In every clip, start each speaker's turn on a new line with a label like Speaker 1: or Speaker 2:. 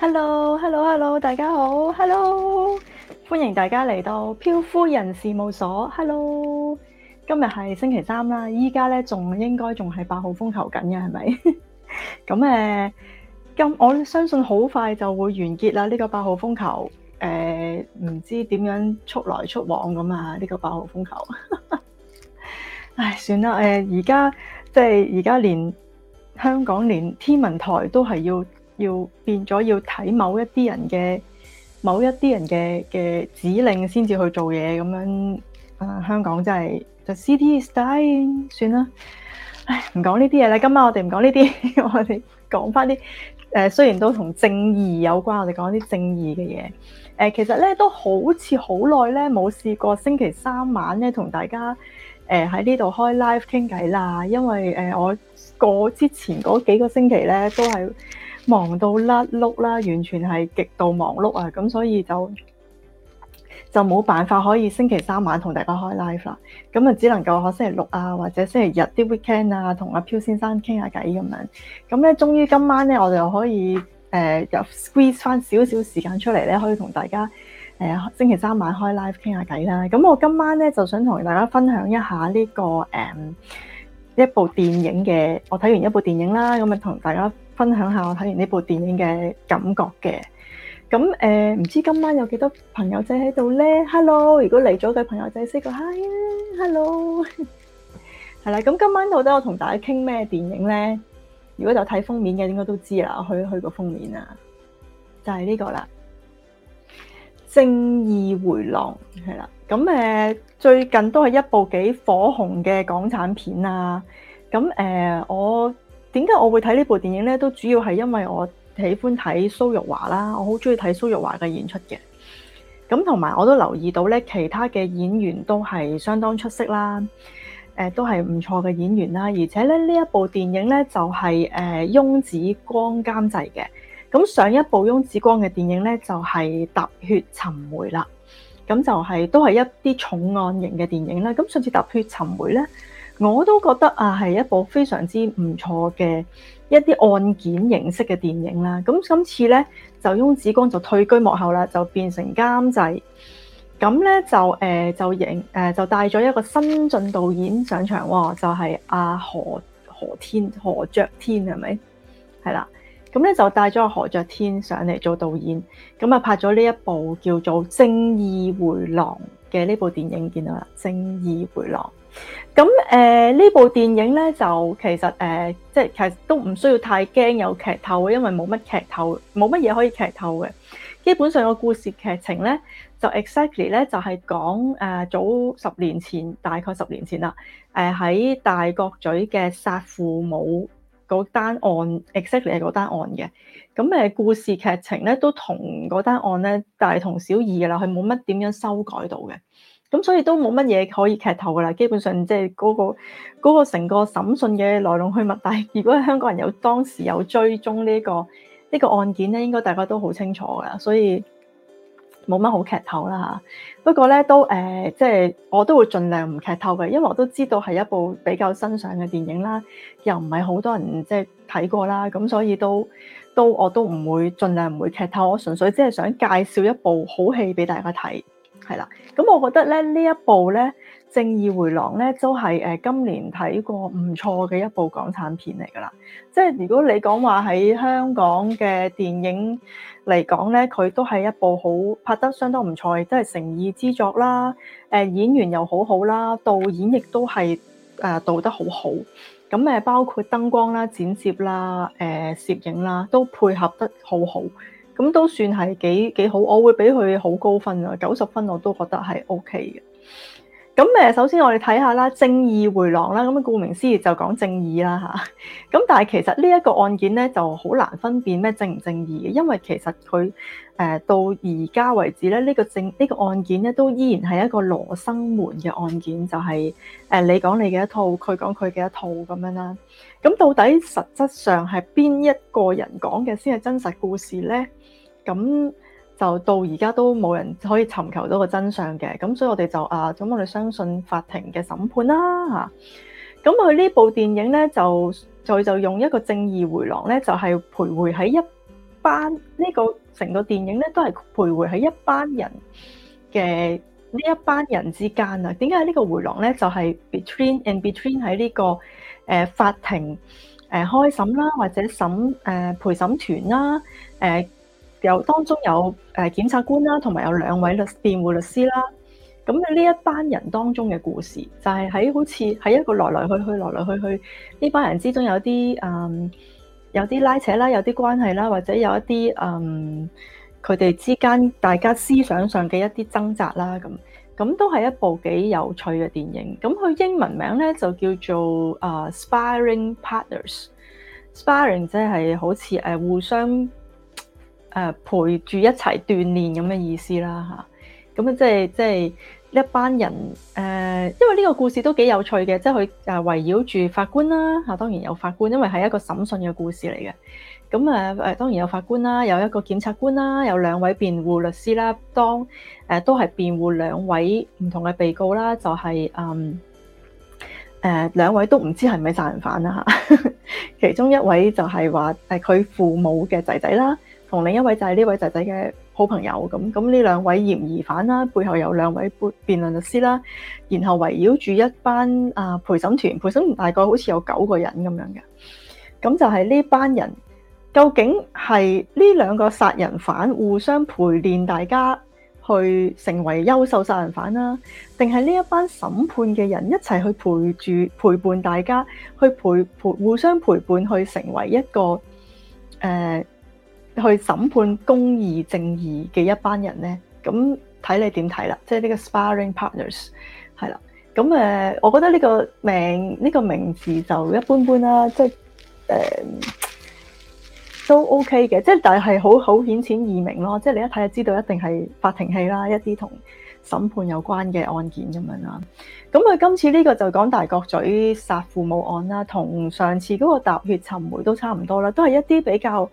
Speaker 1: Hello，Hello，Hello，hello, hello, 大家好，Hello，歡迎大家嚟到漂夫人事務所，Hello，今日係星期三啦，依家咧仲應該仲係八號風球緊嘅係咪？咁誒，咁、 嗯嗯、我相信好快就會完結啦，呢個八號風球誒，唔知點樣速來速往咁啊，呢個八號風球。嗯速速這個、風球 唉，算啦，誒、嗯，而、嗯、家即係而家連香港連天文台都係要。要變咗，要睇某一啲人嘅某一啲人嘅嘅指令先至去做嘢咁樣。啊、呃，香港真係就 city is dying 算啦。唉，唔講呢啲嘢啦。今晚我哋唔講呢啲， 我哋講翻啲誒，雖然都同正義有關，我哋講啲正義嘅嘢。誒、呃，其實咧都好似好耐咧冇試過星期三晚咧同大家誒喺呢度開 live 傾偈啦，因為誒、呃、我過之前嗰幾個星期咧都係。忙到甩碌啦，完全係極度忙碌啊！咁所以就就冇辦法可以星期三晚同大家開 live 啦。咁啊，只能夠喺星期六啊，或者星期日啲 weekend 啊，同阿漂先生傾下偈咁樣。咁咧，終於今晚咧，我哋又可以誒，又、呃、squeeze 翻少少時間出嚟咧，可以同大家誒、呃、星期三晚開 live 傾下偈啦。咁我今晚咧就想同大家分享一下呢、這個誒。嗯一部電影嘅，我睇完一部電影啦，咁啊同大家分享下我睇完呢部電影嘅感覺嘅。咁誒，唔、呃、知今晚有幾多朋友仔喺度咧？Hello，如果嚟咗嘅朋友仔，四個 Hi，Hello，係啦。咁 今晚到底我同大家傾咩電影咧？如果就睇封面嘅，應該都知啦。我去去過封面啦，就係、是、呢個啦。《正義回廊》，係啦，咁、嗯、誒最近都係一部幾火紅嘅港產片啊！咁、嗯、誒、呃，我點解我會睇呢部電影咧？都主要係因為我喜歡睇蘇玉華啦，我好中意睇蘇玉華嘅演出嘅。咁同埋，我都留意到咧，其他嘅演員都係相當出色啦，誒、呃、都係唔錯嘅演員啦。而且咧，呢一部電影咧就係誒翁子光監製嘅。咁上一部翁子光嘅電影咧，就係、是《踏血尋梅》啦。咁就係、是、都係一啲重案型嘅電影啦。咁上次《踏血尋梅》咧，我都覺得啊，係一部非常之唔錯嘅一啲案件形式嘅電影啦。咁今次咧，就翁子光就退居幕後啦，就變成監製。咁咧就誒、呃、就影誒、呃、就帶咗一個新晉導演上場，哇、哦！就係、是、阿、啊、何何天何爵天係咪？係啦。咁咧就帶咗何爵天上嚟做導演，咁啊拍咗呢一部叫做《正義迴廊》嘅呢部電影，見到啦，《正義迴廊》。咁誒呢部電影咧就其實誒、呃、即係其實都唔需要太驚有劇透，因為冇乜劇透，冇乜嘢可以劇透嘅。基本上個故事劇情咧就 exactly 咧就係講誒、呃、早十年前，大概十年前啦，誒、呃、喺大角咀嘅殺父母，嗰單案 exactly 係嗰單案嘅，咁誒故事劇情咧都同嗰單案咧大同小異嘅啦，佢冇乜點樣修改到嘅，咁所以都冇乜嘢可以劇透噶啦，基本上即係嗰個、嗰個、成個審訊嘅來龍去脈，但係如果香港人有當時有追蹤呢、呢個呢、呢個案件咧，應該大家都好清楚噶，所以。冇乜好劇透啦嚇，不過咧都誒、呃，即係我都會盡量唔劇透嘅，因為我都知道係一部比較新上嘅電影啦，又唔係好多人即係睇過啦，咁所以都都我都唔會盡量唔會劇透，我純粹只係想介紹一部好戲俾大家睇，係啦，咁我覺得咧呢一部咧。《正義迴廊》咧都喺誒、呃、今年睇過唔錯嘅一部港產片嚟㗎啦。即係如果你講話喺香港嘅電影嚟講咧，佢都係一部好拍得相當唔錯，即係誠意之作啦。誒、呃、演員又好好啦，導演亦都係誒導得好好。咁誒包括燈光啦、剪接啦、誒、呃、攝影啦，都配合得好好。咁都算係幾幾好，我會俾佢好高分啊！九十分我都覺得係 O K 嘅。咁誒，首先我哋睇下啦，正義迴廊啦，咁顧名思義就講正義啦嚇。咁但係其實呢一個案件咧，就好難分辨咩正唔正義嘅，因為其實佢誒到而家為止咧，呢個正呢個案件咧，都依然係一個羅生門嘅案件，就係誒你講你嘅一套，佢講佢嘅一套咁樣啦。咁到底實質上係邊一個人講嘅先係真實故事咧？咁就到而家都冇人可以尋求到個真相嘅，咁所以我哋就啊，咁我哋相信法庭嘅審判啦嚇。咁佢呢部電影咧，就再就用一個正義迴廊咧，就係、是、徘徊喺一班呢、這個成個電影咧，都係徘徊喺一班人嘅呢一班人之間啊。點解呢個迴廊咧，就係、是、between and between 喺呢、這個誒、呃、法庭誒、呃、開審啦，或者審誒、呃、陪審團啦誒。呃有當中有誒檢察官啦，同埋有兩位律辯護律師啦。咁呢一班人當中嘅故事就，就係喺好似喺一個來來去去、來來去去呢班人之中有、嗯，有啲誒有啲拉扯啦，有啲關係啦，或者有一啲誒佢哋之間大家思想上嘅一啲掙扎啦。咁咁都係一部幾有趣嘅電影。咁佢英文名咧就叫做誒、uh, Sparring Partners。Sparring 即係好似誒互相。誒、呃，陪住一齊鍛煉咁嘅意思啦，吓，咁啊，即係即係一班人，誒、呃，因為呢個故事都幾有趣嘅，即係佢誒圍繞住法官啦，吓、啊，當然有法官，因為係一個審訊嘅故事嚟嘅，咁啊誒，當然有法官啦，有一個檢察官啦，有兩位辯護律師啦、啊，當誒、呃、都係辯護兩位唔同嘅被告啦，就係、是、嗯，誒、呃、兩位都唔知係咪係殺人犯啦，吓、啊， 其中一位就係話誒佢父母嘅仔仔啦。啊同另一位就係呢位仔仔嘅好朋友咁，咁呢兩位嫌疑犯啦，背後有兩位辯辯論律師啦，然後圍繞住一班啊陪審團，陪審團大概好似有九個人咁樣嘅，咁就係呢班人究竟係呢兩個殺人犯互相陪練，大家去成為優秀殺人犯啦，定係呢一班審判嘅人一齊去陪住陪伴大家去陪陪互相陪伴去成為一個誒，呃去審判公義正義嘅一班人咧，咁睇你點睇啦？即係呢個 sparring partners 係啦，咁誒、呃，我覺得呢個名呢、這個名字就一般般啦、啊，即係誒、呃、都 OK 嘅，即係但係好好顯淺易明咯，即係你一睇就知道一定係法庭戲啦，一啲同審判有關嘅案件咁樣啦，咁佢今次呢個就講大角咀殺父母案啦，同上次嗰個踏血尋梅都差唔多啦，都係一啲比較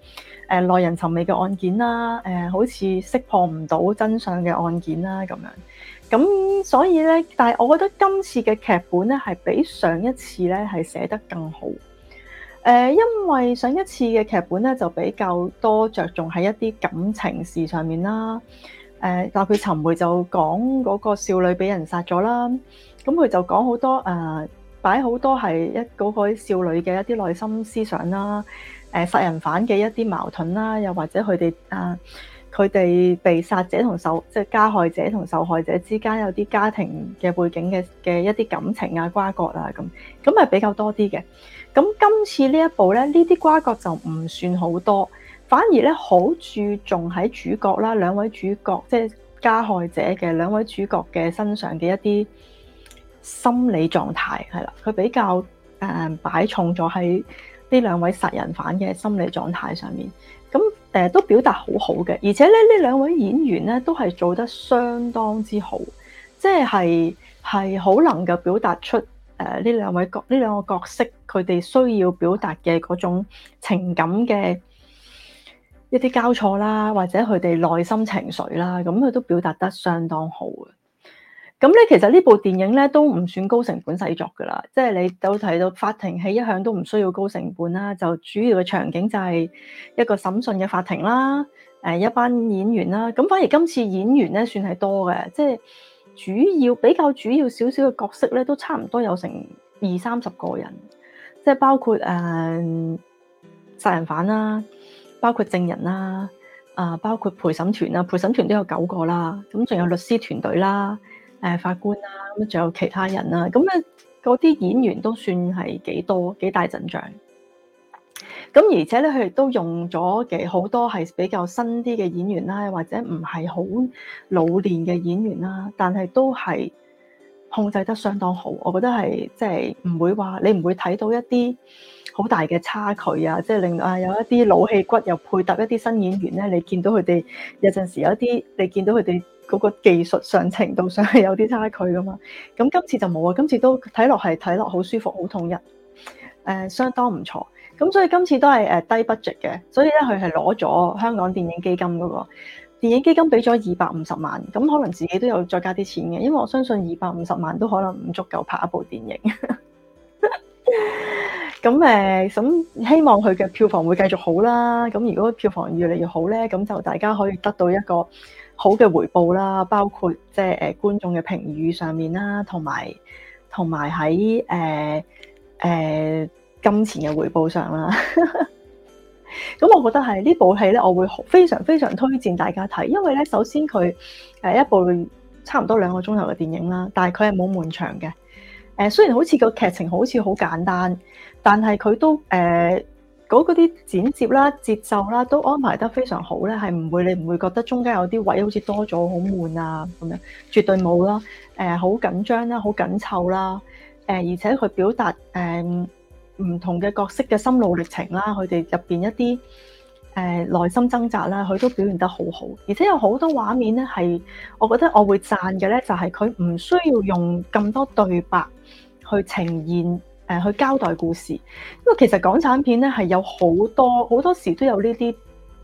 Speaker 1: 誒耐、呃、人尋味嘅案件啦，誒、呃、好似識破唔到真相嘅案件啦咁樣。咁所以咧，但係我覺得今次嘅劇本咧係比上一次咧係寫得更好。誒、呃，因為上一次嘅劇本咧就比較多着重喺一啲感情事上面啦。誒、呃，但佢尋梅就講嗰個少女俾人殺咗啦，咁佢就講好多誒、呃，擺好多係一嗰個，個少女嘅一啲內心思想啦，誒、呃、殺人犯嘅一啲矛盾啦，又或者佢哋誒佢哋被殺者同受即係加害者同受害者之間有啲家庭嘅背景嘅嘅一啲感情啊瓜葛啊咁，咁係比較多啲嘅。咁今次呢一部咧，呢啲瓜葛就唔算好多。反而咧好注重喺主角啦，兩位主角即係、就是、加害者嘅兩位主角嘅身上嘅一啲心理狀態，係啦，佢比較誒、嗯、擺重咗喺呢兩位殺人犯嘅心理狀態上面。咁誒、呃、都表達好好嘅，而且咧呢兩位演員咧都係做得相當之好，即係係好能夠表達出誒呢、呃、兩位角呢兩個角色佢哋需要表達嘅嗰種情感嘅。一啲交錯啦，或者佢哋內心情緒啦，咁佢都表達得相當好嘅。咁咧，其實呢部電影咧都唔算高成本製作㗎啦，即係你都提到法庭戲一向都唔需要高成本啦，就主要嘅場景就係一個審訊嘅法庭啦，誒一班演員啦，咁反而今次演員咧算係多嘅，即係主要比較主要少少嘅角色咧都差唔多有成二三十個人，即係包括誒、呃、殺人犯啦。包括證人啦，啊，包括陪審團啦，陪審團都有九個啦，咁仲有律師團隊啦，誒法官啦，咁仲有其他人啦，咁咧嗰啲演員都算係幾多幾大陣仗。咁而且咧，佢哋都用咗嘅好多係比較新啲嘅演員啦，或者唔係好老練嘅演員啦，但係都係控制得相當好。我覺得係即係唔會話你唔會睇到一啲。好大嘅差距啊！即係令到有一啲老戲骨又配搭一啲新演員咧，你見到佢哋有陣時有一啲，你見到佢哋嗰個技術上程度上係有啲差距㗎嘛？咁今次就冇啊！今次都睇落係睇落好舒服，好統一，誒、呃，相當唔錯。咁所以今次都係誒低 budget 嘅，所以咧佢係攞咗香港電影基金嗰個電影基金俾咗二百五十萬，咁可能自己都有再加啲錢嘅，因為我相信二百五十萬都可能唔足夠拍一部電影。 咁誒，咁希望佢嘅票房會繼續好啦。咁如果票房越嚟越好咧，咁就大家可以得到一個好嘅回報啦。包括即係誒觀眾嘅評語上面啦，同埋同埋喺誒誒金錢嘅回報上啦。咁 我覺得係呢部戲咧，我會非常非常推薦大家睇，因為咧首先佢誒、呃、一部差唔多兩個鐘頭嘅電影啦，但係佢係冇悶場嘅。誒雖然好似個劇情好似好簡單，但係佢都誒嗰啲剪接啦、節奏啦都安排得非常好咧，係唔會你唔會覺得中間有啲位好似多咗好悶啊咁樣，絕對冇啦。誒、呃、好緊張啦，好緊湊啦。誒、呃、而且佢表達誒、呃、唔同嘅角色嘅心路歷程啦，佢哋入邊一啲。誒、呃、內心掙扎咧，佢都表現得好好，而且有好多畫面咧係，我覺得我會讚嘅咧，就係佢唔需要用咁多對白去呈現誒、呃，去交代故事。因為其實港產片咧係有好多好多時都有呢啲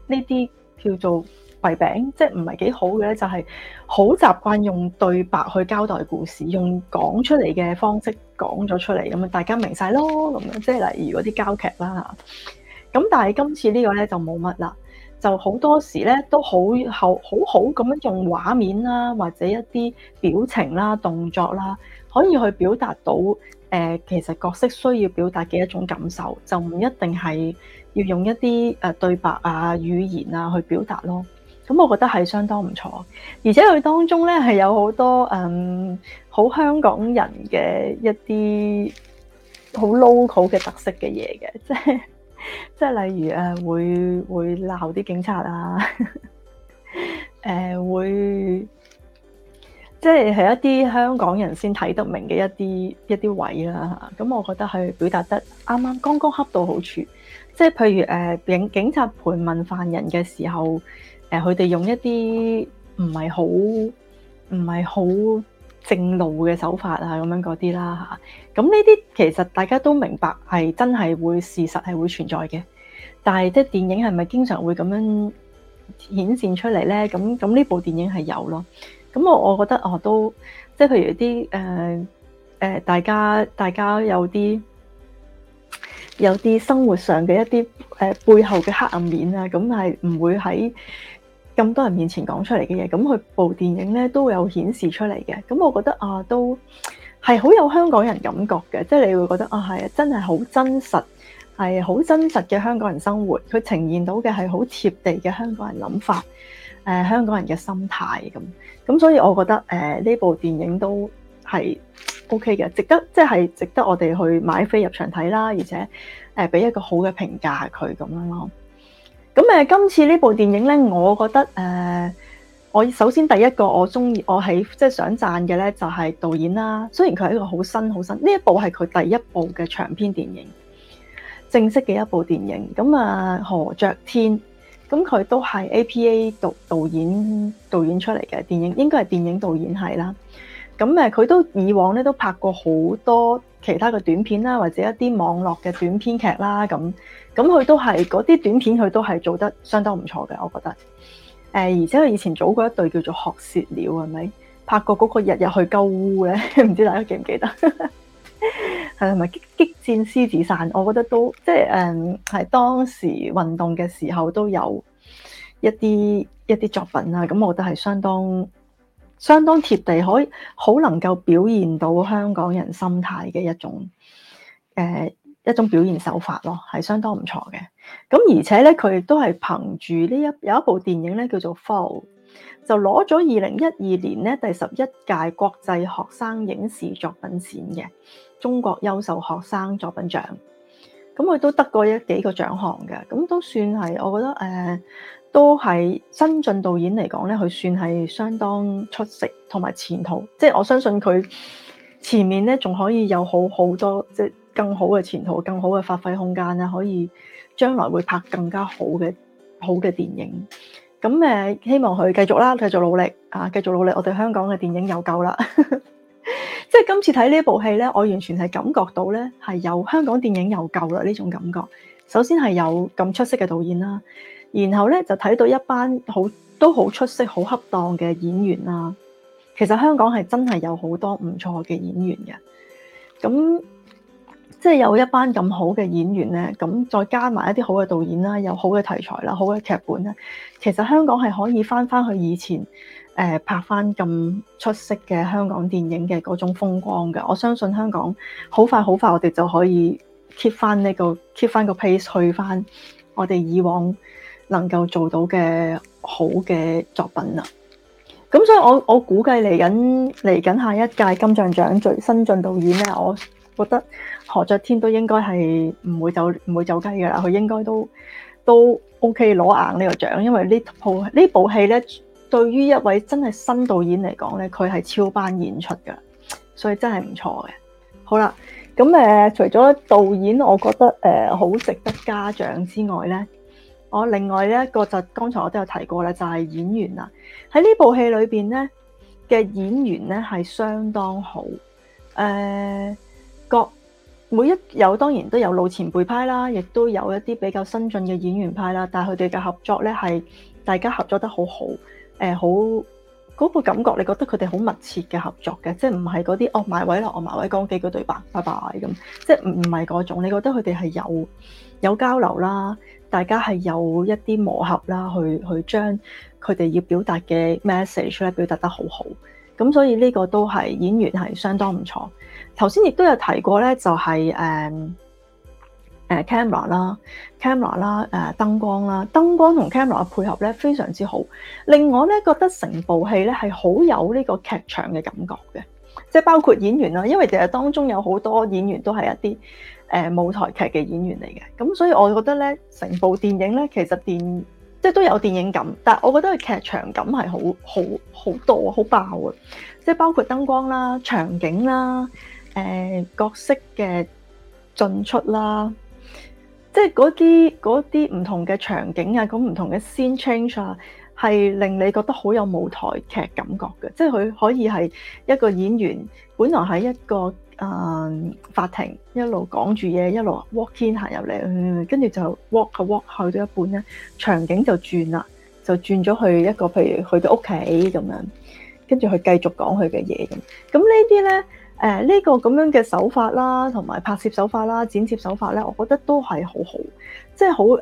Speaker 1: 呢啲叫做弊病，即係唔係幾好嘅咧，就係、是、好習慣用對白去交代故事，用講出嚟嘅方式講咗出嚟咁樣，大家明晒咯咁樣，即係例如嗰啲膠劇啦。咁但係今次呢個咧就冇乜啦，就好多時咧都好好好好咁樣用畫面啦，或者一啲表情啦、動作啦，可以去表達到誒、呃、其實角色需要表達嘅一種感受，就唔一定係要用一啲誒對白啊、語言啊去表達咯。咁我覺得係相當唔錯，而且佢當中咧係有好多誒好、嗯、香港人嘅一啲好 local 嘅特色嘅嘢嘅，即係。即係例如誒、啊，會會鬧啲警察啊，誒，會即係係一啲香港人先睇得明嘅一啲一啲位啦吓。咁、啊、我覺得係表達得啱啱，剛剛恰到好處。即係譬如誒、啊，警警察盤問犯人嘅時候，誒、啊，佢哋用一啲唔係好唔係好。正路嘅手法啊，咁樣嗰啲啦嚇，咁呢啲其實大家都明白，係真係會事實係會存在嘅。但係即係電影係咪經常會咁樣顯現出嚟咧？咁咁呢部電影係有咯。咁我我覺得我都即係譬如啲誒誒，大家大家有啲有啲生活上嘅一啲誒背後嘅黑暗面啊，咁係唔會喺。咁多人面前講出嚟嘅嘢，咁佢部電影咧都有顯示出嚟嘅。咁我覺得啊，都係好有香港人感覺嘅，即係你會覺得啊，係啊，真係好真實，係好真實嘅香港人生活。佢呈現到嘅係好貼地嘅香港人諗法，誒、呃、香港人嘅心態咁。咁所以我覺得誒呢、呃、部電影都係 OK 嘅，值得即係值得我哋去買飛入場睇啦，而且誒俾、呃、一個好嘅評價佢咁樣咯。咁誒，今次呢部電影呢，我覺得誒、呃，我首先第一個我中意，我係即係想讚嘅呢就係導演啦。雖然佢係一個好新好新，呢一部係佢第一部嘅長篇電影，正式嘅一部電影。咁啊，何爵天，咁佢都係 APA 導導演導演出嚟嘅電影，應該係電影導演係啦。咁誒，佢、嗯、都以往咧都拍過好多其他嘅短片啦，或者一啲網絡嘅短片劇啦，咁咁佢都係嗰啲短片，佢都係做得相當唔錯嘅，我覺得。誒、呃，而且佢以前早嗰一對叫做學舌鳥，係咪拍過嗰個日日去鳩烏咧？唔 知大家記唔記得？係 咪激激戰獅子散？我覺得都即係誒，係、嗯、當時運動嘅時候都有一啲一啲作品啦。咁我覺得係相當。相當貼地，可以好能夠表現到香港人心態嘅一種，誒、呃、一種表現手法咯，係相當唔錯嘅。咁而且咧，佢亦都係憑住呢一有一部電影咧叫做《Fall》，就攞咗二零一二年咧第十一屆國際學生影視作品展嘅中國優秀學生作品獎。咁佢都得過一幾個獎項嘅，咁都算係我覺得誒。呃都係新晉導演嚟講咧，佢算係相當出色，同埋前途。即係我相信佢前面咧仲可以有好好多，即係更好嘅前途，更好嘅發揮空間啦。可以將來會拍更加好嘅好嘅電影。咁誒，希望佢繼續啦，繼續努力啊，繼續努力。啊、努力我哋香港嘅電影有救啦。 即係今次睇呢一部戲咧，我完全係感覺到咧，係有香港電影有救啦呢種感覺。首先係有咁出色嘅導演啦。然後咧就睇到一班好都好出色、好恰當嘅演員啦。其實香港係真係有好多唔錯嘅演員嘅。咁即係有一班咁好嘅演員咧，咁再加埋一啲好嘅導演啦，有好嘅題材啦，好嘅劇本咧。其實香港係可以翻翻去以前誒、呃、拍翻咁出色嘅香港電影嘅嗰種風光嘅。我相信香港好快好快，我哋就可以 keep 翻呢、這個 keep 翻個 pace 去翻我哋以往。能夠做到嘅好嘅作品啦，咁所以我我估計嚟緊嚟緊下一屆金像獎最新晉導演咧，我覺得何爵天都應該係唔會走唔會走雞噶啦，佢應該都都 OK 攞硬呢個獎，因為呢部呢部戲咧，對於一位真係新導演嚟講咧，佢係超班演出噶，所以真係唔錯嘅。好啦，咁誒、呃，除咗導演，我覺得誒好、呃、值得嘉獎之外咧。我、哦、另外一個就，剛才我都有提過咧，就係、是、演員啦。喺呢部戲裏邊咧嘅演員咧係相當好，誒、呃、各每一有當然都有老前輩派啦，亦都有一啲比較新進嘅演員派啦。但係佢哋嘅合作咧係大家合作得好好，誒好嗰個感覺，你覺得佢哋好密切嘅合作嘅，即係唔係嗰啲哦埋位啦，我、哦、埋位講幾句對白，拜拜咁，即係唔唔係嗰種，你覺得佢哋係有有交流啦。大家係有一啲磨合啦，去去將佢哋要表達嘅 message 咧表達得好好，咁所以呢個都係演員係相當唔錯。頭先亦都有提過咧，就係誒誒 camera 啦、uh，camera 啦，誒燈光啦，燈光同 camera 嘅配合咧非常之好，令我咧覺得成部戲咧係好有呢個劇場嘅感覺嘅。即係包括演員啦，因為其實當中有好多演員都係一啲誒舞台劇嘅演員嚟嘅，咁所以我覺得咧，成部電影咧其實電即係都有電影感，但係我覺得佢劇場感係好好好多好爆啊！即係包括燈光啦、場景啦、誒、呃、角色嘅進出啦，即係嗰啲嗰啲唔同嘅場景啊，咁唔同嘅 scene change 啊。係令你覺得好有舞台劇感覺嘅，即係佢可以係一個演員，本來喺一個誒、呃、法庭，一路講住嘢，一路 walk in 行入嚟，跟、嗯、住就 walk 嘅 walk 去到一半咧，場景就轉啦，就轉咗去一個譬如佢嘅屋企咁樣，跟住佢繼續講佢嘅嘢咁。咁呢啲咧，誒、呃、呢、這個咁樣嘅手法啦，同埋拍攝手法啦、剪接手法咧，我覺得都係好好，即係好誒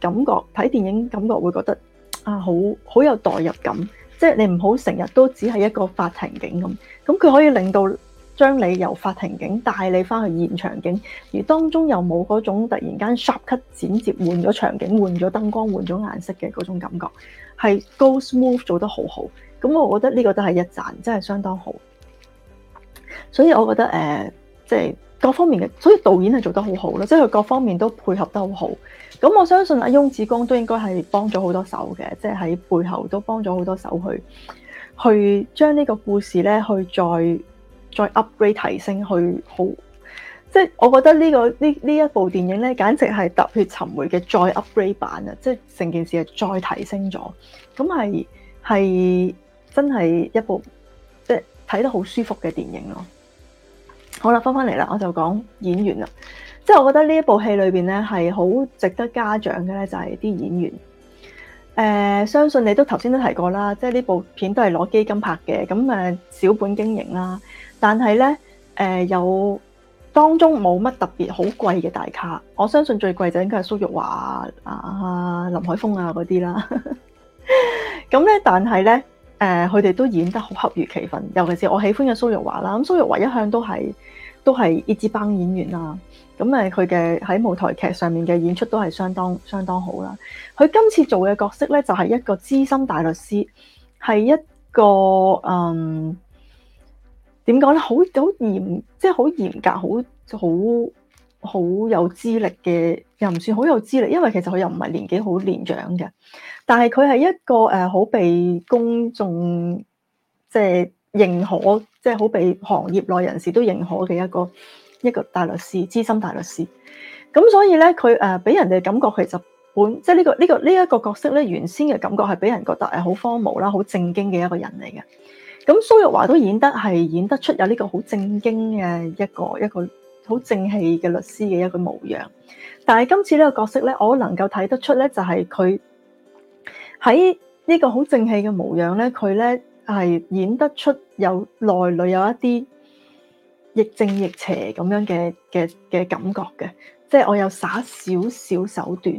Speaker 1: 感覺睇電影感覺會覺得。啊，好好有代入感，即係你唔好成日都只係一個法庭景咁，咁佢可以令到將你由法庭景帶你翻去現場景，而當中又冇嗰種突然間 sharp cut 剪接，換咗場景，換咗燈光，換咗顏色嘅嗰種感覺，係 go smooth 做得好好，咁我覺得呢個都係一讚，真係相當好，所以我覺得誒、呃，即係。各方面嘅，所以導演係做得好好咯，即係佢各方面都配合得好好。咁我相信阿、啊、翁子光都應該係幫咗好多手嘅，即係喺背後都幫咗好多手去，去將呢個故事咧去再再 upgrade 提升，去好。即係我覺得呢、這個呢呢一部電影咧，簡直係《踏血尋梅》嘅再 upgrade 版啊！即係成件事係再提升咗。咁係係真係一部即係睇得好舒服嘅電影咯。好啦，翻翻嚟啦，我就講演員啦。即係我覺得呢一部戲裏邊咧，係好值得嘉獎嘅咧，就係啲演員。誒，相信你都頭先都提過啦，即係呢部片都係攞基金拍嘅，咁誒小本經營啦。但係咧，誒有當中冇乜特別好貴嘅大咖，我相信最貴就應該係蘇玉華啊、林海峰啊嗰啲啦。咁 咧，但係咧，誒佢哋都演得好恰如其分，尤其是我喜歡嘅蘇玉華啦。咁蘇玉華一向都係。都係一支班演員啦，咁誒佢嘅，喺舞台劇上面嘅演出都係相當相當好啦。佢今次做嘅角色咧，就係、是、一個資深大律師，係一個誒點講咧，好、嗯、好嚴，即係好嚴格，好好好有資歷嘅，又唔算好有資歷，因為其實佢又唔係年紀好年長嘅，但係佢係一個誒好、呃、被公眾即係認可。即係好被行業內人士都認可嘅一個一個大律師，資深大律師。咁所以咧，佢誒俾人哋感覺其實本即係呢個呢個呢一個角色咧，原先嘅感覺係俾人覺得係好荒謬啦，好正經嘅一個人嚟嘅。咁蘇玉華都演得係演得出有呢個好正經嘅一個一個好正氣嘅律師嘅一個模樣。但係今次呢個角色咧，我能夠睇得出咧，就係佢喺呢個好正氣嘅模樣咧，佢咧係演得出。有內裏有一啲亦正亦邪咁樣嘅嘅嘅感覺嘅，即係我有耍少少手段，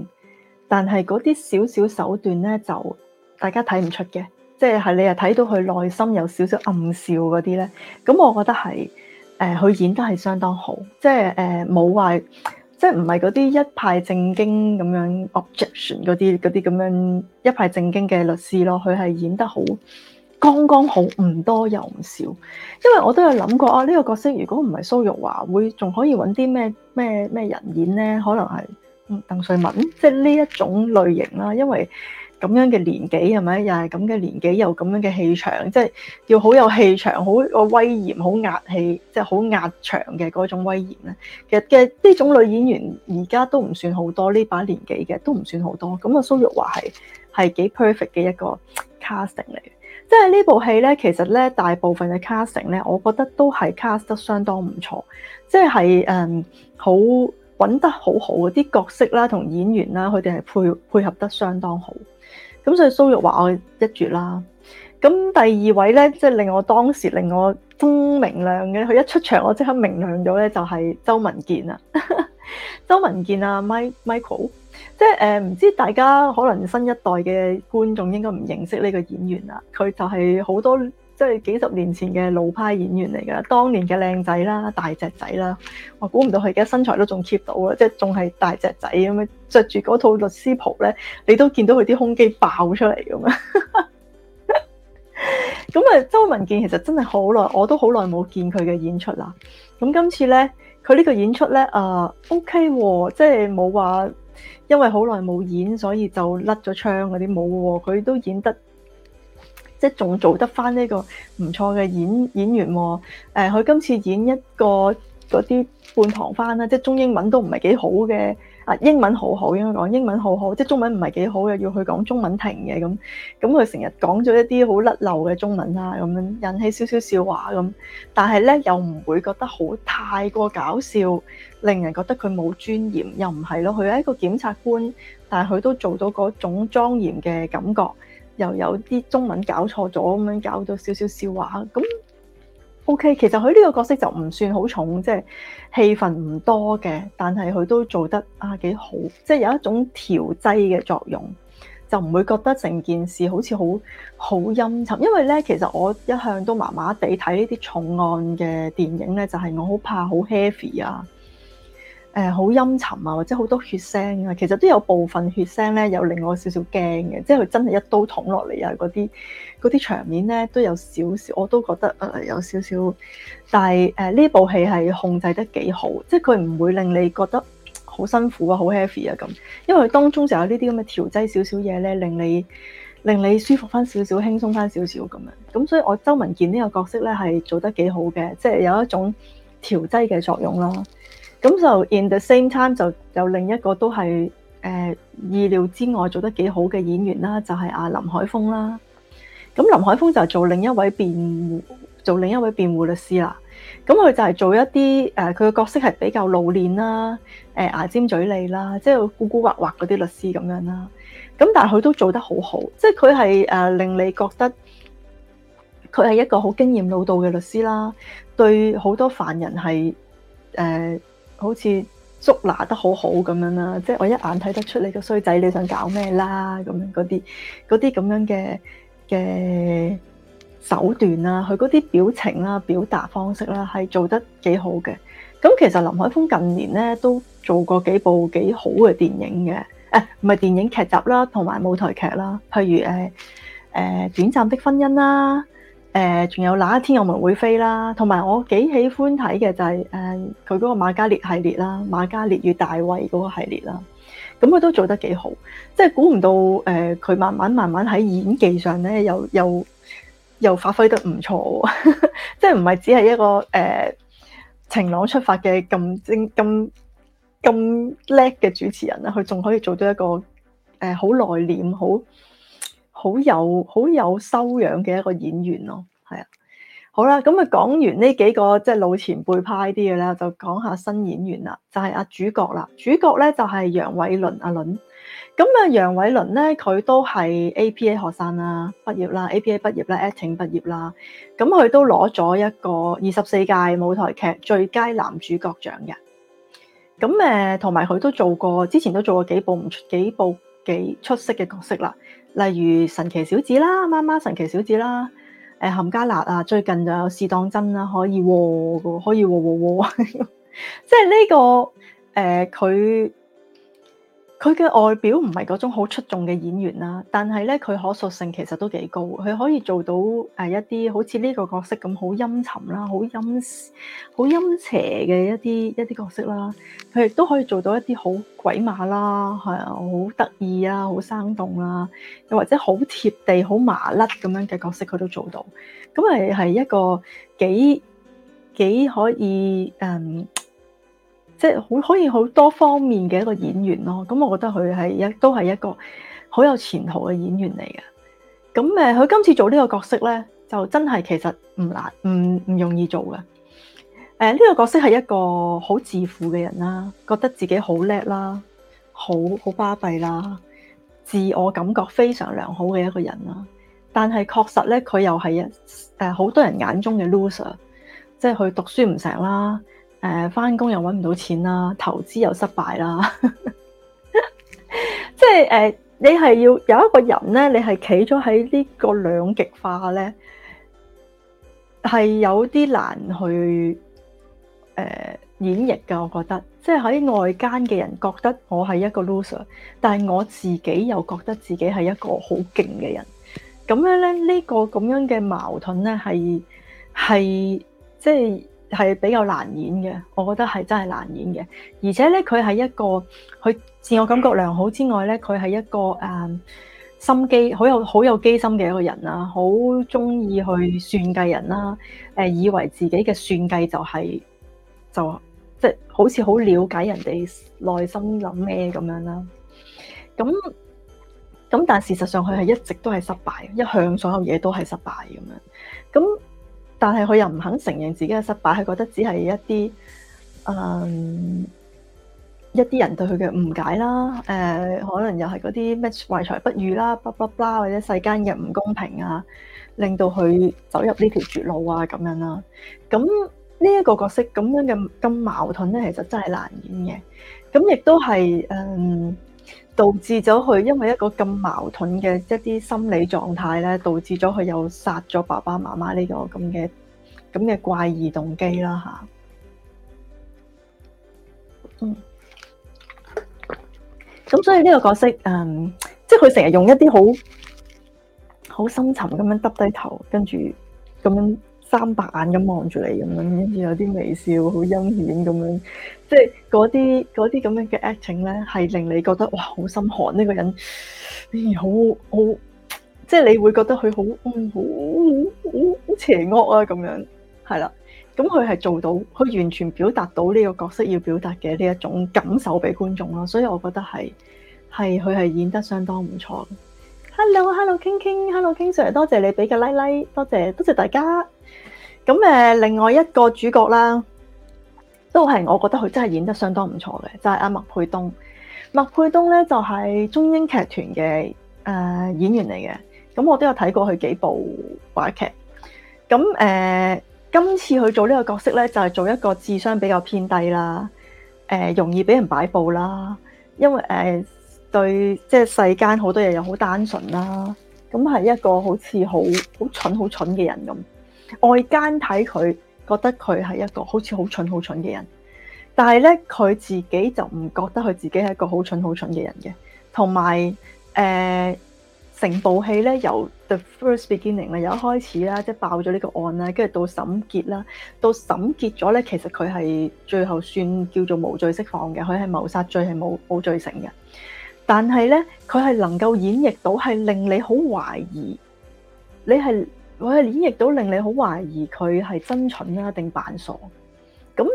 Speaker 1: 但係嗰啲少少手段咧就大家睇唔出嘅，即係係你又睇到佢內心有少少暗笑嗰啲咧，咁我覺得係誒佢演得係相當好，即係誒冇話即係唔係嗰啲一派正經咁樣 objection 嗰啲嗰啲咁樣一派正經嘅律師咯，佢係演得好。剛剛好唔多又唔少，因為我都有諗過啊。呢個角色如果唔係蘇玉華，會仲可以揾啲咩咩咩人演呢？可能係鄧萃雯，即係呢一種類型啦。因為咁樣嘅年紀係咪又係咁嘅年紀，有咁樣嘅氣場，即係要好有氣場，好有威嚴，好壓氣，即係好壓場嘅嗰種威嚴咧。其實呢種女演員而家都唔算好多呢把年紀嘅，都唔算好多咁啊。蘇玉華係係幾 perfect 嘅一個 casting 嚟。即係呢部戲咧，其實咧大部分嘅 casting 咧，我覺得都係 cast 得相當唔錯，即係誒、um, 好揾得好好啊！啲角色啦同演員啦，佢哋係配配合得相當好。咁所以蘇玉華我一絕啦。咁第二位咧，即係令我當時令我增明亮嘅，佢一出場我即刻明亮咗咧，就係、是、周文健啊， 周文健啊，Michael。即係誒，唔、呃、知大家可能新一代嘅觀眾應該唔認識呢個演員啦。佢就係好多即係幾十年前嘅老派演員嚟噶，當年嘅靚仔啦，大隻仔啦。我估唔到佢而家身材都仲 keep 到啦，即係仲係大隻仔咁樣着住嗰套律師袍咧，你都見到佢啲胸肌爆出嚟咁樣！咁啊，周文健其實真係好耐，我都好耐冇見佢嘅演出啦。咁今次咧，佢呢個演出咧，啊，OK、哦、即係冇話。因為好耐冇演，所以就甩咗槍嗰啲冇喎。佢都演得即係仲做得翻呢個唔錯嘅演演員喎。誒、呃，佢今次演一個嗰啲半唐番啦，即係中英文都唔係幾好嘅。英文好好應該講，英文好好，即係中文唔係幾好嘅，要去講中文停嘅咁，咁佢成日講咗一啲好甩漏嘅中文啦，咁樣引起少少笑話咁，但係咧又唔會覺得好太過搞笑，令人覺得佢冇尊嚴。又唔係咯，佢係一個檢察官，但係佢都做到嗰種莊嚴嘅感覺，又有啲中文搞錯咗咁樣，搞到少少笑話咁。O、okay, K，其實佢呢個角色就唔算好重，即係氣氛唔多嘅，但係佢都做得啊幾好，即係有一種調劑嘅作用，就唔會覺得成件事好似好好陰沉。因為咧，其實我一向都麻麻地睇呢啲重案嘅電影咧，就係、是、我好怕好 heavy 啊，誒好陰沉啊，或者好多血腥啊。其實都有部分血腥咧，有令我少少驚嘅，即係佢真係一刀捅落嚟啊嗰啲。嗰啲場面咧都有少少，我都覺得誒、呃、有少少，但係誒呢部戲係控制得幾好，即係佢唔會令你覺得好辛苦啊、好 heavy 啊咁，因為當中就有這這小小呢啲咁嘅調劑少少嘢咧，令你令你舒服翻少少、輕鬆翻少少咁樣。咁所以我周文健呢個角色咧係做得幾好嘅，即係有一種調劑嘅作用啦。咁就 in the same time 就有另一個都係誒、呃、意料之外做得幾好嘅演員啦，就係、是、阿、啊、林海峰啦。咁林海峰就係做另一位辯護做另一位辯護律師，呃、啦，咁佢就係做一啲誒，佢嘅角色係比較老練啦，誒，牙尖嘴利啦，即係古古惑惑嗰啲律師咁樣啦，咁但係佢都做得好好，即係佢係誒令你覺得佢係一個好經驗老道嘅律師啦，對好多犯人係誒、呃、好似捉拿得好好咁樣啦，即係我一眼睇得出你個衰仔你想搞咩啦，咁樣嗰啲嗰啲咁樣嘅。嘅手段啦，佢嗰啲表情啦、表達方式啦，係做得幾好嘅。咁其實林海峰近年咧都做過幾部幾好嘅電影嘅，誒唔係電影劇集啦，同埋舞台劇啦，譬如誒誒《短暫的婚姻》啦，誒、呃、仲有哪一天我們會飛啦，同埋我幾喜歡睇嘅就係誒佢嗰個馬嘉烈系列啦，《馬嘉烈與大衛》嗰、那個系列啦。咁佢都做得幾好，即係估唔到，誒、呃、佢慢慢慢慢喺演技上咧，又又又發揮得唔錯， 即係唔係只係一個誒晴朗出發嘅咁精咁咁叻嘅主持人啦，佢仲可以做到一個誒好、呃、內斂、好好有好有修養嘅一個演員咯，係啊！好啦，咁啊講完呢幾個即係老前輩派啲嘅啦，就講下新演員啦，就係阿主角啦。主角咧就係楊偉倫阿倫。咁啊，楊偉倫咧，佢都係 APA 學生啦，畢業啦，APA 畢業啦，Acting 畢業啦。咁佢都攞咗一個二十四屆舞台劇最佳男主角獎嘅。咁誒，同埋佢都做過，之前都做過幾部唔幾部，幾部，幾出色嘅角色啦，例如《神奇小子》啦，《媽媽神奇小子》啦。誒冚、呃、家辣啊！最近就有試當真啦，可以喎，可以喎喎喎。 即係呢、這個誒佢。呃佢嘅外表唔係嗰種好出眾嘅演員啦，但係咧佢可塑性其實都幾高，佢可以做到誒一啲好似呢個角色咁好陰沉啦，好陰好陰邪嘅一啲一啲角色啦，佢亦都可以做到一啲好鬼馬啦，係啊，好得意啊，好生動啦，又或者好貼地、好麻甩咁樣嘅角色佢都做到，咁係係一個幾幾可以誒。嗯。即係好可以好多方面嘅一個演員咯，咁我覺得佢係一都係一個好有前途嘅演員嚟嘅。咁誒，佢今次做呢個角色咧，就真係其實唔難，唔唔容易做嘅。誒、呃、呢、這個角色係一個好自負嘅人啦，覺得自己好叻啦，好好巴閉啦，自我感覺非常良好嘅一個人啦。但係確實咧，佢又係一誒好多人眼中嘅 loser，即係佢讀書唔成啦。誒，翻工、呃、又揾唔到錢啦，投資又失敗啦， 即係誒、呃，你係要有一個人咧，你係企咗喺呢個兩極化呢，係有啲難去誒、呃、演繹嘅。我覺得，即係喺外間嘅人覺得我係一個 loser，但係我自己又覺得自己係一個好勁嘅人。咁樣咧，呢、這個咁樣嘅矛盾呢，係係即係。係比較難演嘅，我覺得係真係難演嘅。而且咧，佢係一個佢自我感覺良好之外咧，佢係一個誒、啊、心機好有好有機心嘅一個人啦、啊，好中意去算計人啦、啊。誒、啊，以為自己嘅算計就係、是、就即係、就是、好似好了解人哋內心諗咩咁樣啦、啊。咁咁但事實上佢係一直都係失敗，一向所有嘢都係失敗咁樣。咁但係佢又唔肯承認自己嘅失敗，佢覺得只係一啲嗯、一啲人對佢嘅誤解啦，誒、呃、可能又係嗰啲咩懷才不遇啦，巴拉巴拉，或者世間嘅唔公平啊，令到佢走入呢條絕路啊，咁樣啦。咁呢一個角色咁樣嘅咁矛盾咧，其實真係難演嘅。咁亦都係嗯。導致咗佢因為一個咁矛盾嘅一啲心理狀態咧，導致咗佢又殺咗爸爸媽媽呢個咁嘅咁嘅怪異動機啦吓，嗯，咁所以呢個角色，嗯，即係佢成日用一啲好好深沉咁樣耷低頭，跟住咁樣。三白眼咁望住你咁樣，好似有啲微笑，好陰險咁樣，即係嗰啲嗰啲咁樣嘅 acting 咧，係令你覺得哇好心寒呢、這個人，好好，即係、就是、你會覺得佢、嗯、好好好好邪惡啊咁樣，係啦，咁佢係做到，佢完全表達到呢個角色要表達嘅呢一種感受俾觀眾咯，所以我覺得係係佢係演得相當唔錯。Hello，Hello，傾傾，Hello，傾 Sir，多謝你俾個拉拉，多謝多謝大家。咁誒，另外一個主角啦，都係我覺得佢真係演得相當唔錯嘅，就係阿麥沛東。麥沛東咧就係、是、中英劇團嘅誒、呃、演員嚟嘅。咁我都有睇過佢幾部話劇。咁誒、呃，今次佢做呢個角色咧，就係、是、做一個智商比較偏低啦，誒、呃、容易俾人擺佈啦。因為誒、呃、對即係、就是、世間好多嘢又好單純啦，咁係一個好似好好蠢好蠢嘅人咁。外間睇佢，覺得佢係一個好似好蠢好蠢嘅人，但係咧佢自己就唔覺得佢自己係一個好蠢好蠢嘅人嘅。同埋誒，成、呃、部戲咧由 The First Beginning 啦，由一開始啦，即係爆咗呢個案啦，跟住到審結啦，到審結咗咧，其實佢係最後算叫做無罪釋放嘅，佢係謀殺罪係冇冇罪成嘅。但係咧，佢係能夠演繹到係令你好懷疑，你係。我嘅演繹都令你好懷疑佢係真蠢啦定扮傻？咁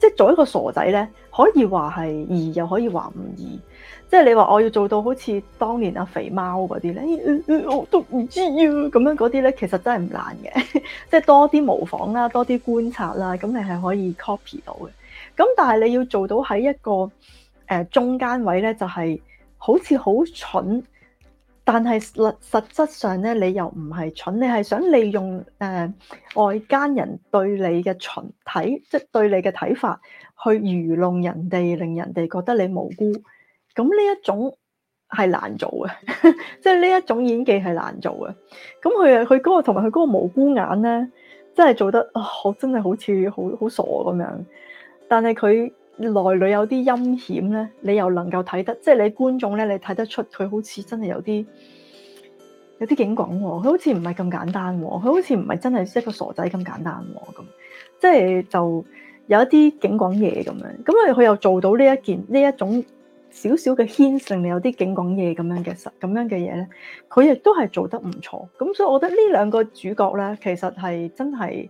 Speaker 1: 即係做一個傻仔咧，可以話係易，又可以話唔易。即係你話我要做到好似當年阿肥貓嗰啲咧，我都唔知要、啊，咁樣嗰啲咧其實都係唔難嘅， 即係多啲模仿啦、啊，多啲觀察啦、啊，咁你係可以 copy 到嘅。咁但係你要做到喺一個誒、呃、中間位咧，就係、是、好似好蠢。但係實質上咧，你又唔係蠢，你係想利用誒、呃、外間人對你嘅群體，即係對你嘅睇法，去愚弄人哋，令人哋覺得你無辜。咁呢一種係難做嘅， 即係呢一種演技係難做嘅。咁佢啊，佢嗰、嗰個同埋佢嗰個無辜眼咧，真係做得啊、呃，真係好似好好傻咁樣。但係佢。內裏有啲陰險咧，你又能夠睇得，即係你觀眾咧，你睇得出佢好似真係有啲有啲警廣喎，佢好似唔係咁簡單喎，佢好似唔係真係一個傻仔咁簡單喎，咁即係就有一啲警廣嘢咁樣，咁佢佢又做到呢一件呢一種少少嘅牽性，有啲警廣嘢咁樣嘅實咁樣嘅嘢咧，佢亦都係做得唔錯，咁所以我覺得呢兩個主角咧，其實係真係。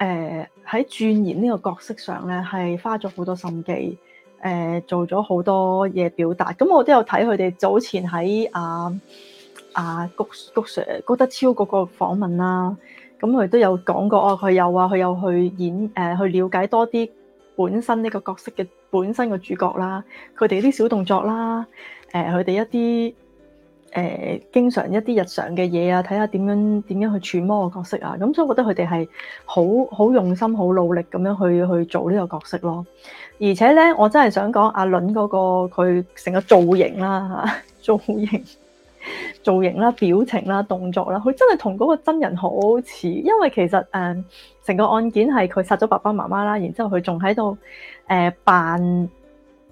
Speaker 1: 誒喺轉演呢個角色上咧，係花咗好多心機，誒、呃、做咗好多嘢表達。咁我都有睇佢哋早前喺阿阿谷谷 Sir 谷德超嗰個訪問啦，咁佢都有講過，哦、啊，佢又話佢又去演誒、呃、去了解多啲本身呢個角色嘅本身嘅主角啦，佢哋啲小動作啦，誒佢哋一啲。誒、呃、經常一啲日常嘅嘢啊，睇下點樣點樣去揣摩個角色啊，咁所以我覺得佢哋係好好用心、好努力咁樣去去做呢個角色咯。而且咧，我真係想講阿倫嗰、那個佢成個造型啦、啊、嚇，造型、造型啦、啊、表情啦、啊、動作啦、啊，佢真係同嗰個真人好似，因為其實誒成、呃、個案件係佢殺咗爸爸媽媽啦，然之後佢仲喺度誒扮。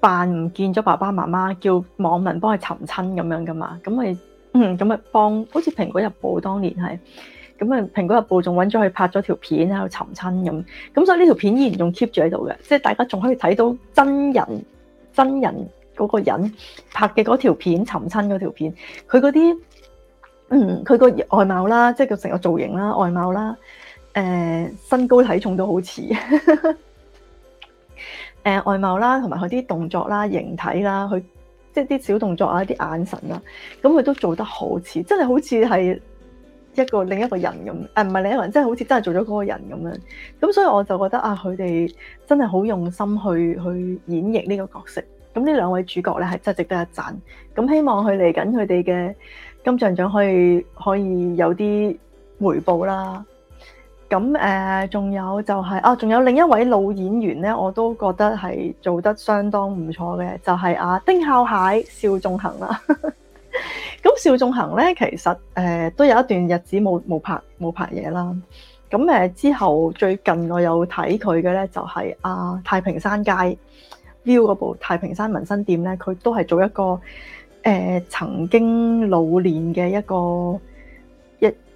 Speaker 1: 扮唔見咗爸爸媽媽，叫網民幫佢尋親咁樣㗎嘛？咁咪咁咪幫，好似《蘋果日報》當年係咁啊，《蘋果日報》仲揾咗佢拍咗條片喺度尋親咁。咁所以呢條片依然仲 keep 住喺度嘅，即係大家仲可以睇到真人真人嗰個人拍嘅嗰條片尋親嗰條片，佢嗰啲嗯佢個外貌啦，即係佢成個造型啦、外貌啦，誒、呃、身高體重都好似。 誒、呃、外貌啦，同埋佢啲動作啦、形體啦，佢即係啲小動作啊、啲眼神啦，咁佢都做得好似，真係好似係一個另一個人咁，誒唔係另一個人，就是、真係好似真係做咗嗰個人咁樣。咁所以我就覺得啊，佢哋真係好用心去去演繹呢個角色。咁呢兩位主角咧係真係值得一讚。咁希望佢嚟緊佢哋嘅金像獎可以可以有啲回報啦。咁誒，仲、呃、有就係、是、啊，仲有另一位老演員咧，我都覺得係做得相當唔錯嘅，就係、是、啊，丁孝蟹、邵仲衡啦。咁邵仲衡咧，其實誒、呃、都有一段日子冇冇拍冇拍嘢啦。咁誒、呃、之後最近我有睇佢嘅咧，就係、是、啊，太平山街 Viu 嗰部太平山紋身店咧，佢都係做一個誒、呃、曾經老年嘅一個。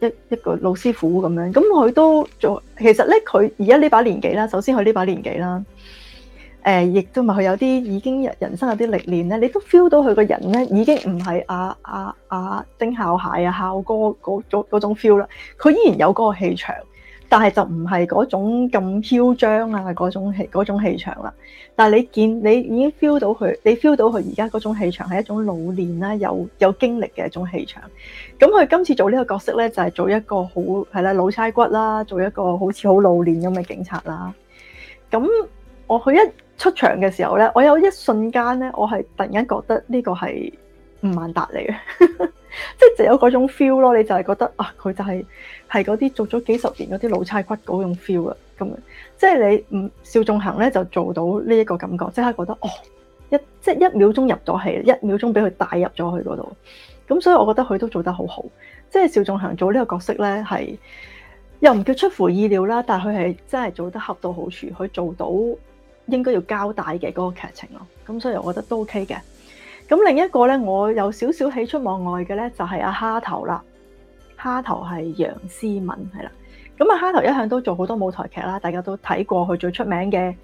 Speaker 1: 一一個老師傅咁樣，咁佢都做。其實咧，佢而家呢把年紀啦，首先佢呢把年紀啦，誒、呃，亦都咪佢有啲已經人生有啲歷練咧，你都 feel 到佢個人咧，已經唔係啊啊啊丁孝蟹啊孝哥嗰種嗰種 feel 啦，佢依然有嗰個氣場。但係就唔係嗰種咁囂張啊，嗰種氣嗰種氣場啦。但係你見你已經 feel 到佢，你 feel 到佢而家嗰種氣場係一種老練啦，有有經歷嘅一種氣場。咁佢今次做呢個角色咧，就係做一個好係啦老差骨啦，做一個好似好老練咁嘅警察啦。咁我佢一出場嘅時候咧，我有一瞬間咧，我係突然間覺得呢個係。吳萬達嚟嘅。、 即係就有嗰種 feel 咯，你就係覺得啊，佢就係係嗰啲做咗幾十年嗰啲老差骨嗰種 feel 啊。咁，即係你，嗯，邵仲衡咧就做到呢一個感覺，即刻覺得哦，一即係一秒鐘入咗戲，一秒鐘俾佢帶入咗去嗰度。咁所以我覺得佢都做得好好，即係邵仲衡做呢個角色咧係又唔叫出乎意料啦，但係佢係真係做得恰到好處，佢做到應該要交代嘅嗰個劇情咯，咁所以我覺得都 OK 嘅。咁另一個咧，我有少少喜出望外嘅咧，就係阿蝦頭啦。蝦頭係楊思敏係啦。咁啊蝦頭一向都做好多舞台劇啦，大家都睇過佢最出名嘅《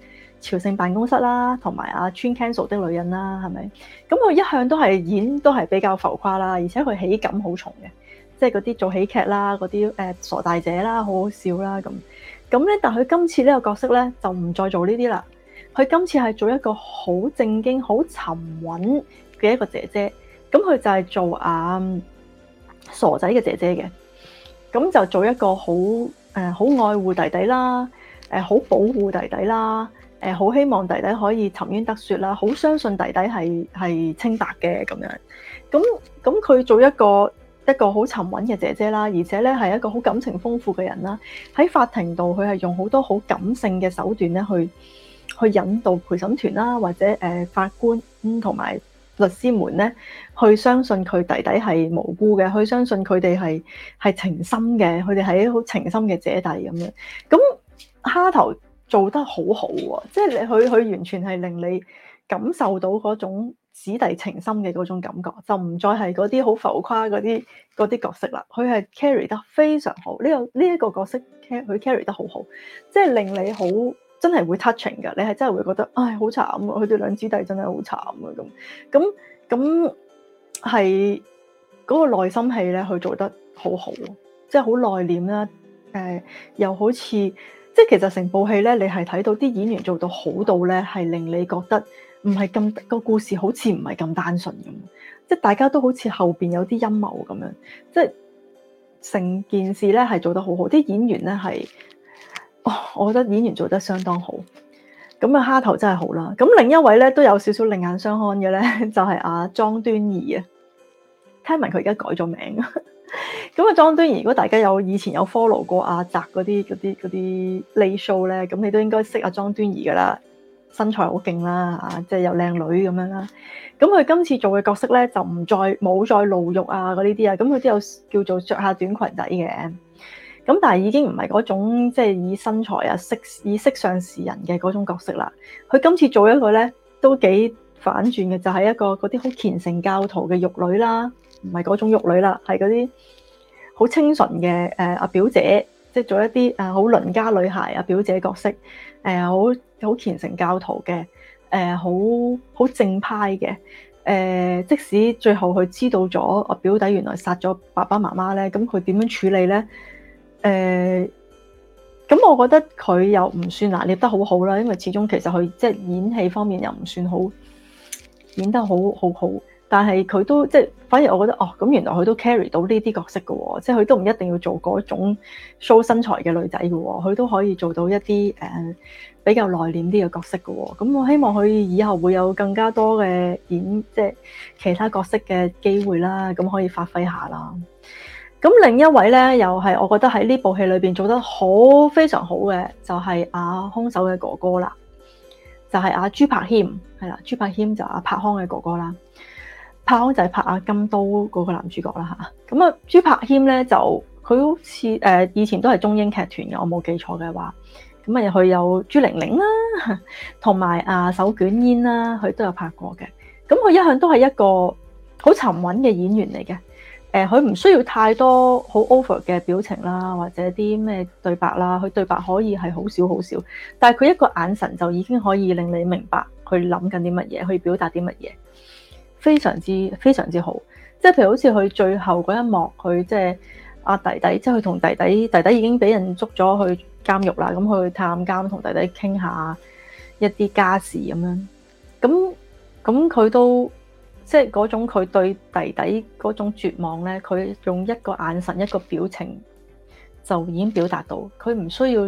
Speaker 1: 朝聖辦公室》啦，同埋、啊《阿川 Cancel 的女人》啦，係咪？咁佢一向都係演都係比較浮誇啦，而且佢喜感好重嘅，即係嗰啲做喜劇啦，嗰啲誒傻大姐啦，好好笑啦咁。咁咧，但佢今次呢個角色咧，就唔再做呢啲啦。佢今次係做一個好正經、好沉穩嘅一個姐姐，咁佢就係做啊傻仔嘅姐姐嘅，咁就做一個好誒好愛護弟弟啦，誒好保護弟弟啦，誒好希望弟弟可以沉冤得雪啦，好相信弟弟係係清白嘅咁樣，咁咁佢做一個一個好沉穩嘅姐姐啦，而且咧係一個好感情豐富嘅人啦，喺法庭度佢係用好多好感性嘅手段咧去去引導陪審團啦，或者誒法官咁同埋，律師們咧，去相信佢弟弟係無辜嘅，去相信佢哋係係情深嘅，佢哋係好情深嘅姐弟咁樣。咁蝦頭做得好好、哦、喎，即係你佢佢完全係令你感受到嗰種子弟情深嘅嗰種感覺，就唔再係嗰啲好浮誇嗰啲啲角色啦。佢係 carry 得非常好，呢、呢個呢一、呢個角色佢 carry 得好好，即係令你好。真係會 touching 噶，你係真係會覺得，唉、哎，好慘啊！佢哋兩姊弟真係好慘啊！咁，咁，咁係嗰個內心戲咧，佢做、呃、做得好好，即係好內斂啦。誒，又好似即係其實成部戲咧，你係睇到啲演員做到好到咧，係令你覺得唔係咁。個故事好似唔係咁單純咁，即係大家都好似後邊有啲陰謀咁樣，即係成件事咧，係做得好好，啲演員咧係。Oh, 我覺得演員做得相當好，咁啊蝦頭真係好啦。咁另一位咧都有少少另眼相看嘅咧，就係阿莊端儀啊。聽聞佢而家改咗名，咁啊莊端儀，如果大家有以前有 follow 過阿澤嗰啲嗰啲嗰啲 live show 咧，咁你都應該識阿、啊、莊端儀噶啦，身材好勁啦，啊即係、就是、又靚女咁樣啦。咁佢今次做嘅角色咧就唔再冇再露肉啊，嗰呢啲啊，咁佢都有叫做着下短裙仔嘅。咁但係已經唔係嗰種即係以身材啊、色以色相示人嘅嗰種角色啦。佢今次做一個咧，都幾反轉嘅，就係、是、一個嗰啲好虔誠教徒嘅玉女啦，唔係嗰種玉女啦，係嗰啲好清純嘅誒阿表姐，即係做一啲啊好鄰家女孩啊表姐角色，誒好好虔誠教徒嘅，誒好好正派嘅，誒、呃、即使最後佢知道咗阿表弟原來殺咗爸爸媽媽咧，咁佢點樣處理咧？誒，咁、uh, 我覺得佢又唔算拿捏得好好啦，因為始終其實佢即係演戲方面又唔算好演得好好好，但係佢都即係、就是、反而我覺得哦，咁原來佢都 carry 到呢啲角色嘅喎、哦，即係佢都唔一定要做嗰種 show 身材嘅女仔嘅喎，佢都可以做到一啲誒、uh, 比較內斂啲嘅角色嘅喎、哦，咁我希望佢以後會有更加多嘅演即係、就是、其他角色嘅機會啦，咁可以發揮下啦。咁另一位咧，又係我覺得喺呢部戲裏邊做得好非常好嘅，就係阿兇手嘅哥哥啦，就係、是、阿、啊、朱柏謙，係啦、啊，朱柏謙就阿柏康嘅哥哥啦，柏康哥哥柏就係拍阿、啊、金刀嗰個男主角啦吓，咁啊，朱柏謙咧就佢好似誒、呃、以前都係中英劇團嘅，我冇記錯嘅話，咁啊，佢有朱玲玲啦，同埋阿手捲煙啦，佢都有拍過嘅。咁佢一向都係一個好沉穩嘅演員嚟嘅。誒佢唔需要太多好 over 嘅表情啦，或者啲咩對白啦，佢對白可以係好少好少，但係佢一個眼神就已經可以令你明白佢諗緊啲乜嘢，去表達啲乜嘢，非常之非常之好。即係譬如好似佢最後嗰一幕，佢即係阿弟弟，即係佢同弟弟，弟弟已經俾人捉咗去監獄啦，咁、嗯、去探監同弟弟傾下一啲家事咁樣，咁咁佢都。即係嗰種佢對弟弟嗰種絕望咧，佢用一個眼神一個表情就已經表達到，佢唔需要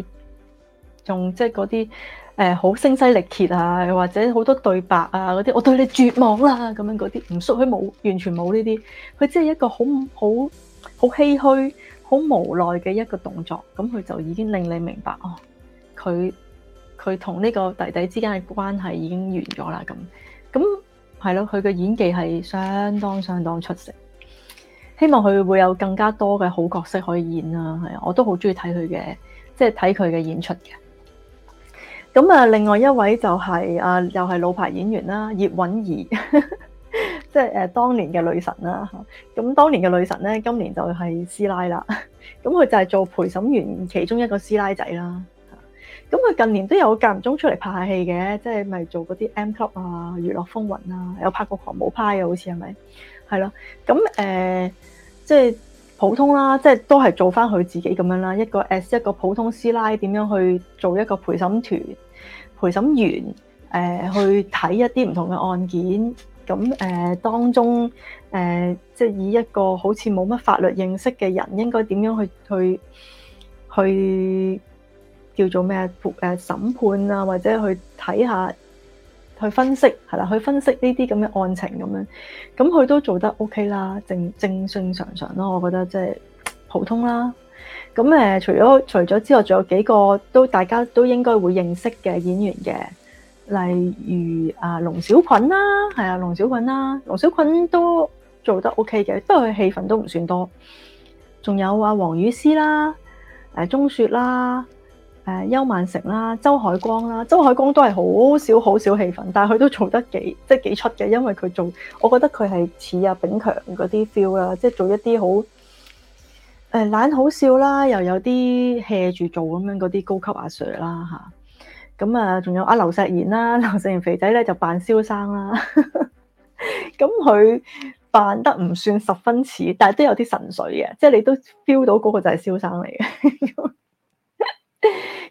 Speaker 1: 用即係嗰啲誒好聲嘶力竭啊，或者好多對白啊嗰啲，我對你絕望啦咁樣嗰啲，唔需佢冇完全冇呢啲，佢即係一個好好好唏噓、好無奈嘅一個動作，咁佢就已經令你明白哦，佢佢同呢個弟弟之間嘅關係已經完咗啦咁咁。係囉，佢嘅演技係相當相當出色。希望佢會有更加多嘅好角色可以演啦。係啊，我都好中意睇佢嘅，即係睇佢嘅演出嘅。咁啊，另外一位就係、是、啊，又係老牌演員啦，葉蘊儀， 即係誒當年嘅女神啦。咁當年嘅女神咧，今年就係師奶啦。咁佢就係做陪審員其中一個師奶仔啦。咁佢近年都有間唔中出嚟拍下戲嘅，即係咪做嗰啲 M Club 啊、娛樂風雲啊，有拍過狂舞派啊，好似係咪？係咯，咁誒、呃，即係普通啦，即係都係做翻佢自己咁樣啦，一個 as 一個普通師奶點樣去做一個陪審團陪審員誒、呃，去睇一啲唔同嘅案件，咁誒、呃、當中誒、呃，即係以一個好似冇乜法律認識嘅人，應該點樣去去去？去叫做咩？誒審判啊，或者去睇下，去分析係啦，去分析呢啲咁嘅案情咁樣。咁佢都做得 OK 啦，正正，正常常咯，我覺得即係普通啦。咁誒、呃，除咗除咗之外，仲有幾個都大家都應該會認識嘅演員嘅，例如啊，龍小菌啦，係啊，龍小菌啦，龍小菌都做得 OK 嘅，不過佢戲份都唔算多。仲有啊，黃雨詩啦，誒、呃，鐘雪啦。誒、呃、邱萬成啦，周海光啦，周海光都係好少好少戲份，但係佢都做得幾即係幾出嘅，因為佢做，我覺得佢係似阿炳強嗰啲 feel 啦，即係做一啲好誒懶好笑啦，又有啲 hea 住做咁樣嗰啲高級阿 Sir 啦嚇。咁啊，仲有阿、啊、劉錫賢啦，劉錫賢肥仔咧就扮蕭生啦。咁 佢扮得唔算十分似，但係都有啲神髓嘅，即係你都 feel 到嗰個就係蕭生嚟嘅。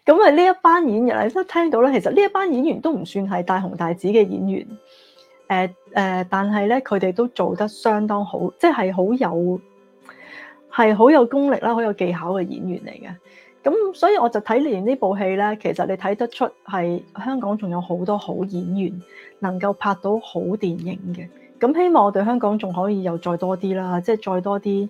Speaker 1: 咁啊，呢一班演員，你都聽到咧，其實呢一班演員都唔算係大紅大紫嘅演員，誒、呃、誒、呃，但係咧，佢哋都做得相當好，即係好有，係好有功力啦，好有技巧嘅演員嚟嘅。咁所以我就睇完呢部戲咧，其實你睇得出係香港仲有好多好演員能夠拍到好電影嘅。咁希望我哋香港仲可以有再多啲啦，即係再多啲。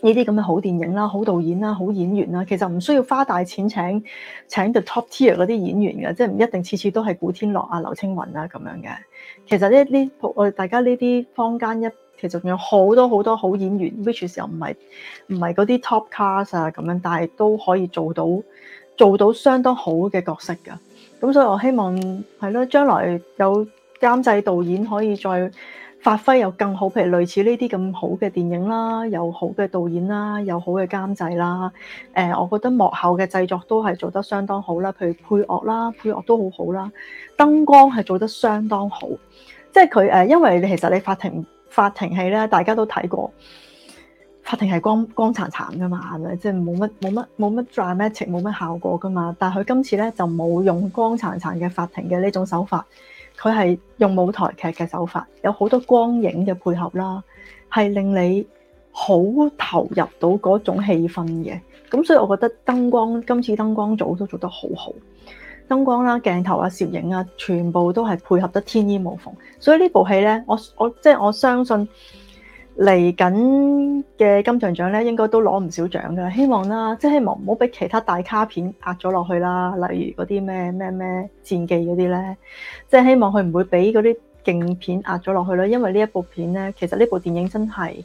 Speaker 1: 呢啲咁嘅好電影啦、好導演啦、好演員啦，其實唔需要花大錢請請 the top tier 嗰啲演員嘅，即係唔一定次次都係古天樂啊、劉青雲啊咁樣嘅。其實呢呢我哋大家呢啲坊間一其實仲有好多好多好演員，which 又唔係唔係嗰啲 top cast 啊咁樣，但係都可以做到做到相當好嘅角色嘅。咁所以我希望係咯，將來有監製導演可以再。發揮又更好，譬如類似呢啲咁好嘅電影啦，有好嘅導演啦，有好嘅監製啦。誒、呃，我覺得幕後嘅製作都係做得相當好啦。譬如配樂啦，配樂都好好啦，燈光係做得相當好。即係佢誒，因為你其實你法庭法庭戲咧，大家都睇過，法庭係光光殘殘噶嘛，係咪？即係冇乜冇乜冇乜 dramatic 冇乜效果噶嘛。但係佢今次咧就冇用光殘殘嘅法庭嘅呢種手法。佢係用舞台劇嘅手法，有好多光影嘅配合啦，係令你好投入到嗰種氣氛嘅。咁所以，我覺得燈光今次燈光組都做得好好，燈光啦、啊、鏡頭啊、攝影啊，全部都係配合得天衣無縫。所以呢部戲呢，我我即係我相信。嚟緊嘅金像獎咧，應該都攞唔少獎㗎。希望啦，即係希望唔好俾其他大卡片壓咗落去啦。例如嗰啲咩咩咩戰記嗰啲咧，即係希望佢唔會俾嗰啲勁片壓咗落去啦。因為呢一部片咧，其實呢部電影真係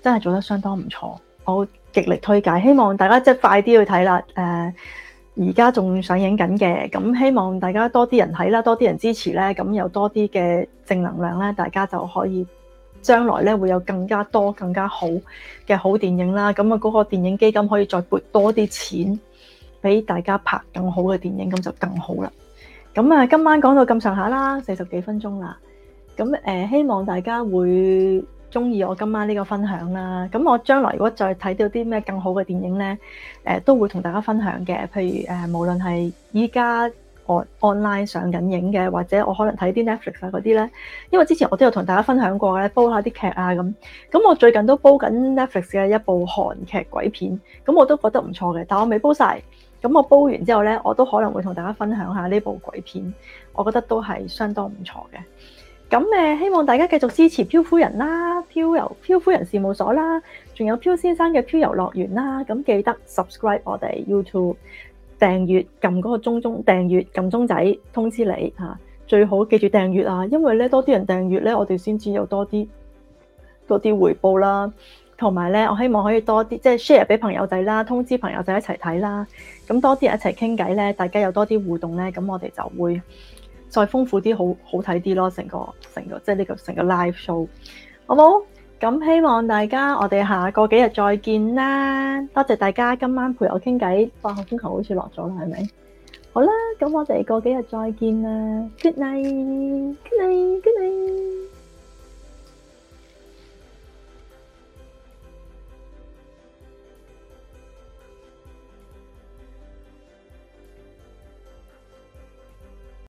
Speaker 1: 真係做得相當唔錯，我極力推介。希望大家即係快啲去睇啦。誒、呃，而家仲上映緊嘅，咁希望大家多啲人睇啦，多啲人支持咧，咁有多啲嘅正能量咧，大家就可以。將來咧會有更加多、更加好嘅好電影啦，咁啊嗰個電影基金可以再撥多啲錢俾大家拍更好嘅電影，咁就更好啦。咁啊，今晚講到咁上下啦，四十幾分鐘啦。咁誒、呃，希望大家會中意我今晚呢個分享啦。咁我將來如果再睇到啲咩更好嘅電影呢，誒、呃，都會同大家分享嘅。譬如誒、呃，無論係依家。我 online 上緊影嘅，或者我可能睇啲 Netflix 啊嗰啲咧，因為之前我都有同大家分享過咧，煲下啲劇啊咁。咁我最近都煲緊 Netflix 嘅一部韓劇鬼片，咁我都覺得唔錯嘅，但我未煲晒，咁我煲完之後咧，我都可能會同大家分享下呢部鬼片，我覺得都係相當唔錯嘅。咁誒，希望大家繼續支持漂夫人啦，漂遊漂夫人事務所啦，仲有漂先生嘅漂遊樂園啦。咁記得 subscribe 我哋 YouTube。訂閱撳嗰個鐘鐘訂閱撳鐘仔通知你吓，啊，最好記住訂閱啊，因為咧多啲人訂閱咧，我哋先至有多啲多啲回報啦。同埋咧，我希望可以多啲即係 share 俾朋友仔啦，通知朋友仔一齊睇啦。咁多啲人一齊傾偈咧，大家有多啲互動咧，咁我哋就會再豐富啲，好好睇啲咯。成個成個即係呢個成個，個，個，個 live show，好冇？咁希望大家，我哋下個幾日再見啦！多謝大家今晚陪我傾偈。放學星球好似落咗啦，係咪？好啦，咁我哋過幾日再見啦。Good night，good night，good night。Night,